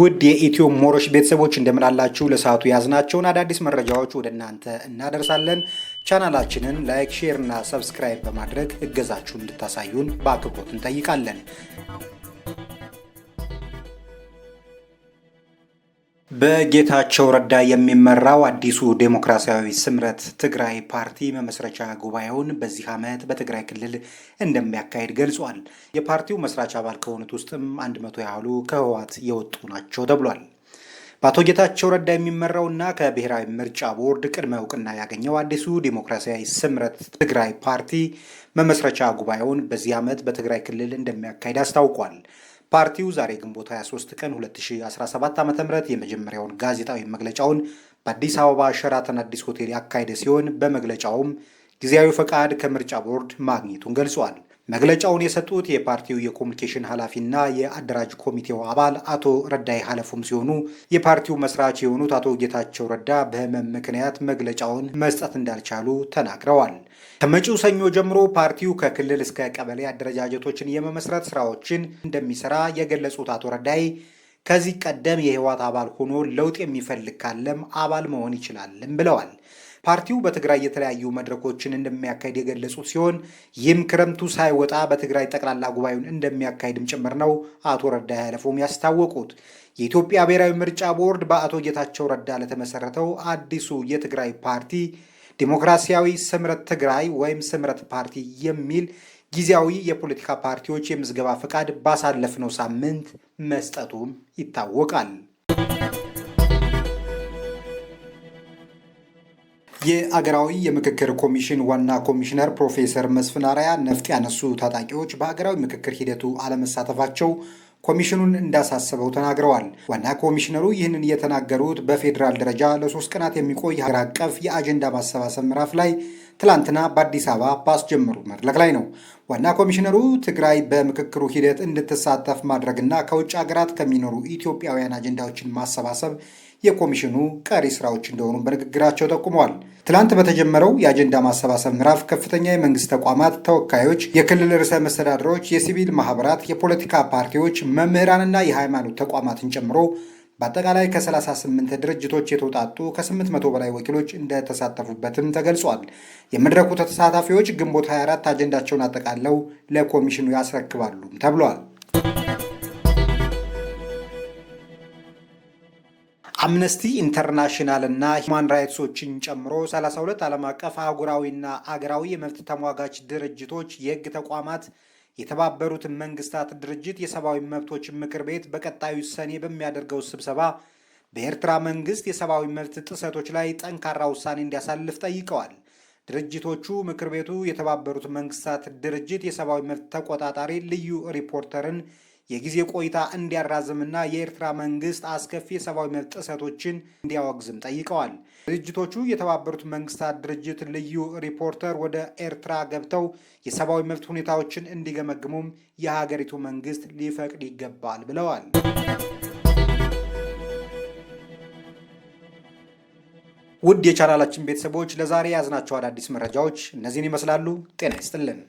ውድ የኢትዮ ሞሮች ቤተሰቦች እንደምን አላችሁ? ለሰዓቱ ያዝናቸውን አዳዲስ መረጃዎች ወደ እናንተ እናደርሳለን። ቻናላችንን ላይክ፣ ሼር እና ሰብስክራይብ በማድረግ እገዛችሁን እንድታሳዩን በአክብሮት እንጠይቃለን። በጌታቸው ረዳ የሚመራው አዲሱ ዴሞክራሲያዊ ስምረት ትግራይ ፓርቲ መመስረቻ ጉባኤውን በዚህ ዓመት በትግራይ ክልል እንደሚያካሄድ ገልጿል። የፓርቲው መስራች አባል ከሆኑት ውስጥም አንድ መቶ ያህሉ ከህወሓት የወጡ ናቸው ተብሏል። በአቶ ጌታቸው ረዳ የሚመራውና ከብሔራዊ ምርጫ ቦርድ ቅድመ እውቅና ያገኘው አዲሱ ዴሞክራሲያዊ ስምረት ትግራይ ፓርቲ መመስረቻ ጉባኤውን በዚህ ዓመት በትግራይ ክልል እንደሚያካሄድ አስታውቋል። ፓርቲው ዛሬ ግንቦት 23 ቀን 2017 ዓ ም የመጀመሪያውን ጋዜጣዊ መግለጫውን በአዲስ አበባ ሸራተን አዲስ ሆቴል ያካሄደ ሲሆን በመግለጫውም ጊዜያዊ ፈቃድ ከምርጫ ቦርድ ማግኘቱን ገልጿል። መግለጫውን የሰጡት የፓርቲው የኮሚኒኬሽን ኃላፊና የአደራጅ ኮሚቴው አባል አቶ ረዳይ ሀለፉም ሲሆኑ የፓርቲው መስራች የሆኑት አቶ ጌታቸው ረዳ በህመም ምክንያት መግለጫውን መስጠት እንዳልቻሉ ተናግረዋል። ከመጪው ሰኞ ጀምሮ ፓርቲው ከክልል እስከ ቀበሌ አደረጃጀቶችን የመመስረት ስራዎችን እንደሚሰራ የገለጹት አቶ ረዳይ ከዚህ ቀደም የህወሓት አባል ሆኖ ለውጥ የሚፈልግ ካለም አባል መሆን ይችላልም ብለዋል። ፓርቲው በትግራይ የተለያዩ መድረኮችን እንደሚያካሄድ የገለጹ ሲሆን ይህም ክረምቱ ሳይወጣ በትግራይ ጠቅላላ ጉባኤውን እንደሚያካሄድም ጭምር ነው አቶ ረዳ ያለፈውም ያስታወቁት። የኢትዮጵያ ብሔራዊ ምርጫ ቦርድ በአቶ ጌታቸው ረዳ ለተመሰረተው አዲሱ የትግራይ ፓርቲ ዲሞክራሲያዊ ስምረት ትግራይ ወይም ስምረት ፓርቲ የሚል ጊዜያዊ የፖለቲካ ፓርቲዎች የምዝገባ ፈቃድ ባሳለፍነው ሳምንት መስጠቱም ይታወቃል። የአገራዊ የምክክር ኮሚሽን ዋና ኮሚሽነር ፕሮፌሰር መስፍን አርአያ ነፍጥ ያነሱ ታጣቂዎች በሀገራዊ ምክክር ሂደቱ አለመሳተፋቸው ኮሚሽኑን እንዳሳሰበው ተናግረዋል። ዋና ኮሚሽነሩ ይህንን የተናገሩት በፌዴራል ደረጃ ለሶስት ቀናት የሚቆይ ሀገር አቀፍ የአጀንዳ ማሰባሰብ ምዕራፍ ላይ ትላንትና በአዲስ አበባ ባስጀመሩ መድረክ ላይ ነው። ዋና ኮሚሽነሩ ትግራይ በምክክሩ ሂደት እንድትሳተፍ ማድረግና ከውጭ ሀገራት ከሚኖሩ ኢትዮጵያውያን አጀንዳዎችን ማሰባሰብ የኮሚሽኑ ቀሪ ስራዎች እንደሆኑ በንግግራቸው ጠቁመዋል። ትላንት በተጀመረው የአጀንዳ ማሰባሰብ ምዕራፍ ከፍተኛ የመንግስት ተቋማት ተወካዮች፣ የክልል ርዕሰ መስተዳድሮች፣ የሲቪል ማህበራት፣ የፖለቲካ ፓርቲዎች፣ መምህራንና የሃይማኖት ተቋማትን ጨምሮ በአጠቃላይ ከ38 ድርጅቶች የተውጣጡ ከ800 በላይ ወኪሎች እንደተሳተፉበትም ተገልጿል። የመድረኩ ተሳታፊዎች ግንቦት 24 አጀንዳቸውን አጠቃለው ለኮሚሽኑ ያስረክባሉም ተብሏል። አምነስቲ ኢንተርናሽናል እና ሂውማን ራይትሶችን ጨምሮ 32 ዓለም አቀፍ አህጉራዊና አገራዊ የመብት ተሟጋች ድርጅቶች የህግ ተቋማት የተባበሩትን መንግስታት ድርጅት የሰብአዊ መብቶች ምክር ቤት በቀጣዩ ሰኔ በሚያደርገው ስብሰባ በኤርትራ መንግስት የሰብአዊ መብት ጥሰቶች ላይ ጠንካራ ውሳኔ እንዲያሳልፍ ጠይቀዋል። ድርጅቶቹ ምክር ቤቱ የተባበሩት መንግስታት ድርጅት የሰብአዊ መብት ተቆጣጣሪ ልዩ ሪፖርተርን የጊዜ ቆይታ እንዲያራዝምና የኤርትራ መንግስት አስከፊ የሰብአዊ መብት ጥሰቶችን እንዲያወግዝም ጠይቀዋል። ድርጅቶቹ የተባበሩት መንግስታት ድርጅት ልዩ ሪፖርተር ወደ ኤርትራ ገብተው የሰብአዊ መብት ሁኔታዎችን እንዲገመግሙም የሀገሪቱ መንግስት ሊፈቅድ ይገባል ብለዋል። ውድ የቻናላችን ቤተሰቦች ለዛሬ ያዝናቸው አዳዲስ መረጃዎች እነዚህን ይመስላሉ። ጤና ይስጥልን።